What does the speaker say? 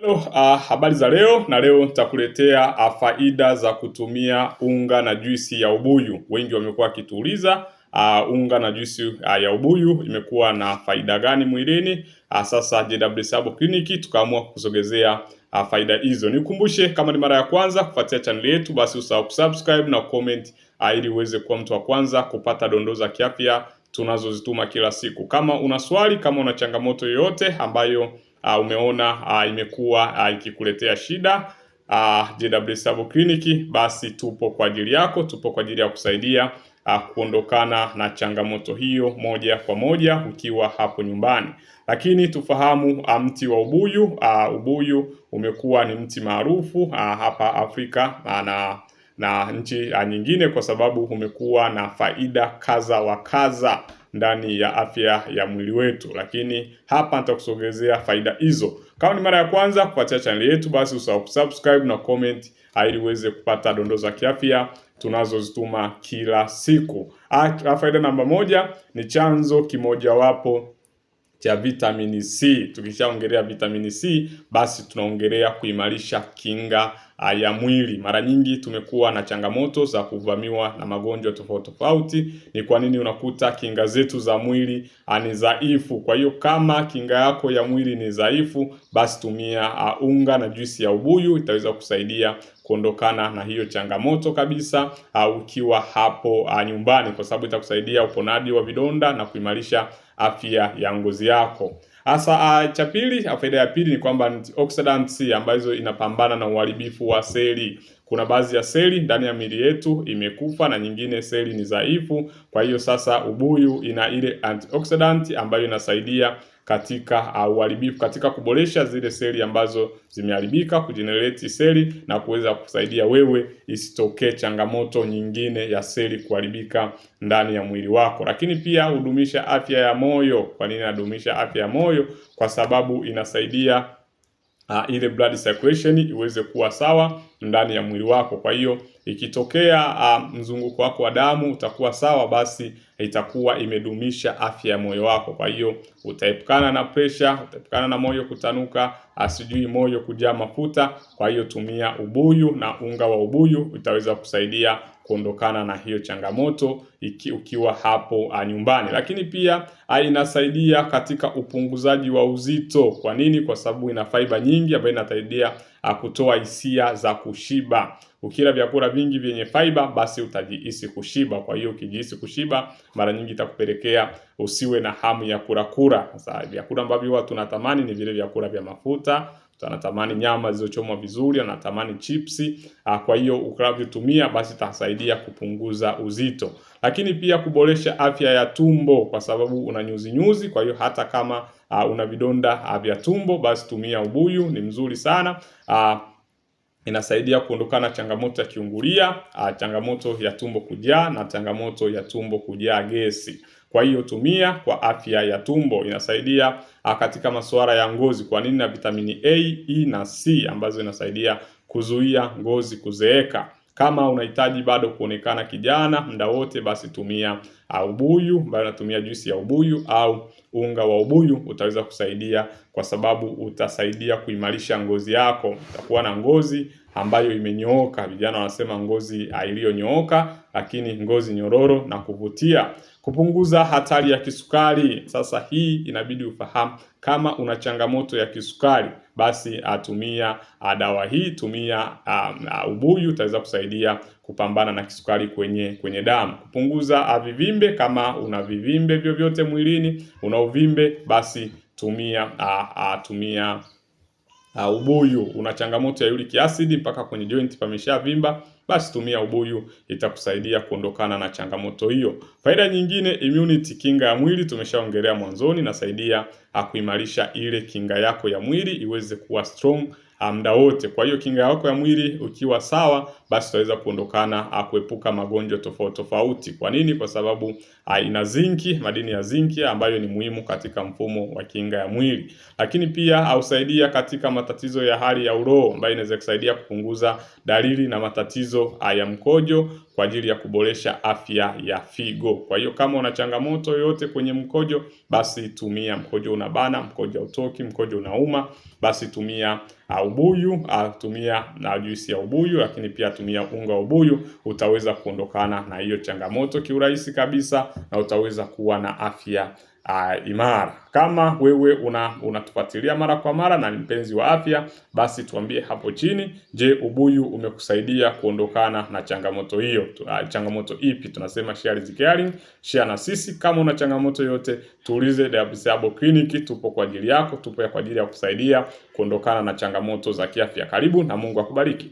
Hello, uh, habari za leo na leo nitakuletea uh, faida za kutumia unga na juisi ya ubuyu. Wengi wamekuwa wakituuliza uh, unga na juisi uh, ya ubuyu imekuwa na faida gani mwilini? Uh, sasa JW Sabo Clinic tukaamua kusogezea uh, faida hizo. Nikukumbushe kama ni mara ya kwanza kufuatia chaneli yetu, basi usahau kusubscribe na comment uh, ili uweze kuwa mtu wa kwanza kupata dondoo za kiafya tunazozituma kila siku. Kama una swali, kama una changamoto yoyote ambayo uh, umeona uh, imekuwa uh, ikikuletea shida uh, JW Sabo Clinic, basi tupo kwa ajili yako, tupo kwa ajili ya kusaidia uh, kuondokana na changamoto hiyo moja kwa moja ukiwa hapo nyumbani. Lakini tufahamu uh, mti wa ubuyu uh, ubuyu umekuwa ni mti maarufu uh, hapa Afrika uh, na na nchi uh, nyingine kwa sababu umekuwa na faida kadha wa kadha ndani ya afya ya mwili wetu, lakini hapa nitakusogezea faida hizo. Kama ni mara ya kwanza kupatia chaneli yetu, basi usahau kusubscribe na comment ah, ili uweze kupata dondoo za kiafya tunazozituma kila siku. Ah, A, faida namba moja ni chanzo kimojawapo cha vitamini C. Tukishaongelea vitamini C, basi tunaongelea kuimarisha kinga Ah, ya mwili. Mara nyingi tumekuwa na changamoto za kuvamiwa na magonjwa tofauti tofauti. Ni kwa nini unakuta kinga zetu za mwili ah, ni dhaifu? Kwa hiyo kama kinga yako ya mwili ni dhaifu, basi tumia uh, unga na juisi ya ubuyu itaweza kusaidia kuondokana na hiyo changamoto kabisa, uh, ukiwa hapo uh, nyumbani, kwa sababu itakusaidia uponaji wa vidonda na kuimarisha afya ya ngozi yako. Hasa ah, cha pili, ah, faida ya pili ni kwamba antioxidants ambazo inapambana na uharibifu wa seli. Kuna baadhi ya seli ndani ya miili yetu imekufa na nyingine seli ni dhaifu. Kwa hiyo sasa ubuyu ina ile antioxidant ambayo inasaidia katika uharibifu, katika kuboresha zile seli ambazo zimeharibika, kujenereti seli na kuweza kusaidia wewe isitokee changamoto nyingine ya seli kuharibika ndani ya mwili wako. Lakini pia hudumisha afya ya moyo. Kwa nini nadumisha afya ya moyo? Kwa sababu inasaidia uh, ile blood circulation iweze kuwa sawa ndani ya mwili wako. Kwa hiyo ikitokea uh, mzunguko wako wa damu utakuwa sawa, basi itakuwa imedumisha afya ya moyo wako. Kwa hiyo utaepukana na presha, utaepukana na moyo kutanuka, asijui moyo kujaa mafuta. Kwa hiyo tumia ubuyu na unga wa ubuyu, itaweza kusaidia kuondokana na hiyo changamoto iki, ukiwa hapo nyumbani. Lakini pia inasaidia katika upunguzaji wa uzito. Kwa nini? Kwa sababu ina fiber nyingi ambayo inasaidia Uh, kutoa hisia za kushiba. Ukila vyakula vingi vyenye fiber, basi utajihisi kushiba. Kwa hiyo ukijihisi kushiba, mara nyingi itakupelekea usiwe na hamu ya kula kula. Sasa vyakula ambavyo huwa tunatamani ni vile vyakula vya mafuta anatamani nyama zilizochomwa vizuri, anatamani chipsi. Ah, kwa hiyo ukavyotumia basi itasaidia kupunguza uzito, lakini pia kuboresha afya ya tumbo, kwa sababu una nyuzi nyuzi. Kwa hiyo hata kama uh, una vidonda ah, vya tumbo, basi tumia ubuyu, ni mzuri sana uh, inasaidia kuondokana changamoto ya kiungulia, changamoto ya tumbo kujaa na changamoto ya tumbo kujaa gesi. Kwa hiyo tumia kwa afya ya tumbo, inasaidia ah, katika masuala ya ngozi. Kwa nini? Na vitamini A, E na C ambazo inasaidia kuzuia ngozi kuzeeka. Kama unahitaji bado kuonekana kijana muda wote, basi tumia uh, ubuyu, ambayo natumia juisi ya ubuyu au unga wa ubuyu utaweza kusaidia, kwa sababu utasaidia kuimarisha ngozi yako. Utakuwa na ngozi ambayo imenyooka, vijana wanasema ngozi uh, iliyonyooka, lakini ngozi nyororo na kuvutia. Kupunguza hatari ya kisukari. Sasa hii inabidi ufahamu kama una changamoto ya kisukari basi atumia ah, ah, dawa hii, tumia uh, ubuyu utaweza kusaidia kupambana na kisukari kwenye kwenye damu, kupunguza vivimbe. Kama una vivimbe vyovyote mwilini, una uvimbe, basi tumia uh, uh, tumia uh, ubuyu una changamoto ya uric acid mpaka kwenye joint pameshavimba, basi tumia ubuyu, itakusaidia kuondokana na changamoto hiyo. Faida nyingine, immunity, kinga ya mwili, tumeshaongelea mwanzoni, nasaidia ah, kuimarisha ile kinga yako ya mwili iweze kuwa strong Uh, muda wote. Kwa hiyo kinga yako ya mwili ukiwa sawa, basi utaweza kuondokana uh, kuepuka magonjwa tofauti tofauti. Kwa nini? Kwa sababu a, uh, ina zinki, madini ya zinki ambayo ni muhimu katika mfumo wa kinga ya mwili, lakini pia ausaidia katika matatizo ya hali ya uroho ambayo inaweza kusaidia kupunguza dalili na matatizo ya mkojo kwa ajili ya kuboresha afya ya figo. Kwa hiyo kama una changamoto yoyote kwenye mkojo, basi tumia mkojo unabana, mkojo utoki, mkojo unauma, basi tumia uh, ubuyu, uh, tumia na juisi ya ubuyu, lakini pia tumia unga wa ubuyu. Utaweza kuondokana na hiyo changamoto kiurahisi kabisa, na utaweza kuwa na afya uh, imara. Kama wewe una mara kwa mara na ni mpenzi wa afya, basi tuambie hapo chini, je, ubuyu umekusaidia kuondokana na changamoto hiyo? Uh, changamoto ipi? Tunasema share is caring, share na sisi. Kama una changamoto yote, tuulize Diabetes Clinic, tupo kwa ajili yako, tupo kwa ajili ya kusaidia kuondokana na changamoto za kiafya. Karibu na Mungu akubariki.